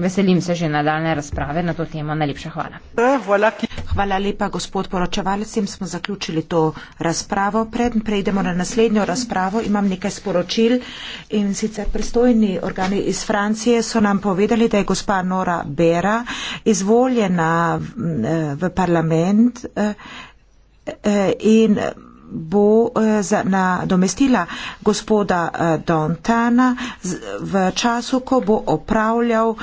Veselim se že nadaljne razprave na to temo. Najlepša hvala. Hvala lepa, gospod poročevalec. S tem smo zaključili to razpravo. Preden prejdemo na naslednjo razpravo, imam nekaj sporočil. In sicer pristojni organi iz Francije so nam povedali, da je gospa Nora Bera izvoljena v parlament eh, eh, in bo eh, nadomestila gospoda eh, Dontana v času, ko bo opravljal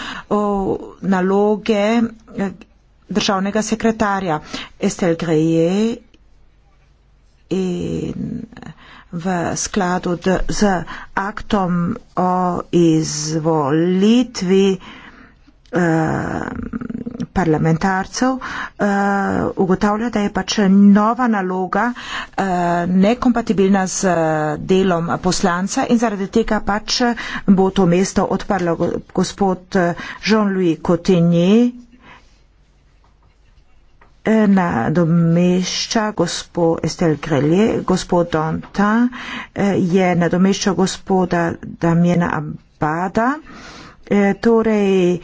naloge eh, državnega sekretarja Estel Greje in v skladu z aktom o izvolitvi um, parlamentarcev, eh, ugotavlja, da je pač nova naloga eh, nekompatibilna z eh, delom poslanca in zaradi tega pač bo to mesto odprlo gospod Jean-Louis Cotigny na domešča gospod Estelle Grelje, gospod Dantin je na domešča gospoda Damjena Abada. Uh, Eh, torej, eh,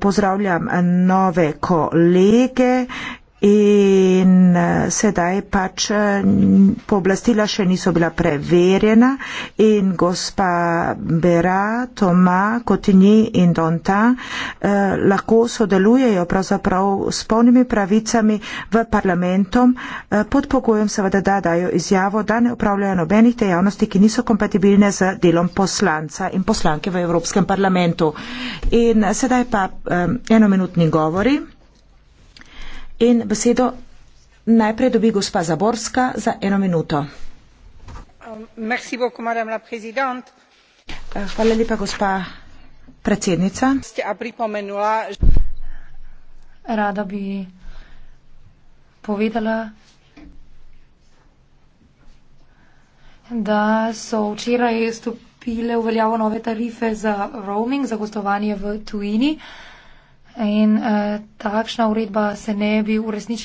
pozdravljam eh, nove kolege in eh, sedaj pač eh, pooblastila še niso bila preverjena in gospa Bera, Toma, Kotini in Donta eh, lahko sodelujejo pravzaprav s polnimi pravicami v parlamentom eh, pod pogojem seveda, da dajo izjavo, da ne upravljajo nobenih dejavnosti, ki niso kompatibilne z delom poslanca in poslanke v Evropskem parlamentu. In eh, sedaj pa eh, enominutni govori. In besedo najprej dobi gospa Zaborska za eno minuto. Eh, hvala lepa, gospa predsednica. Rada bi povedala, da so včeraj stopile v veljavo nove tarife za roaming, za gostovanje v tujini. Uh, In uh, takšna uredba se ne bi uresničila.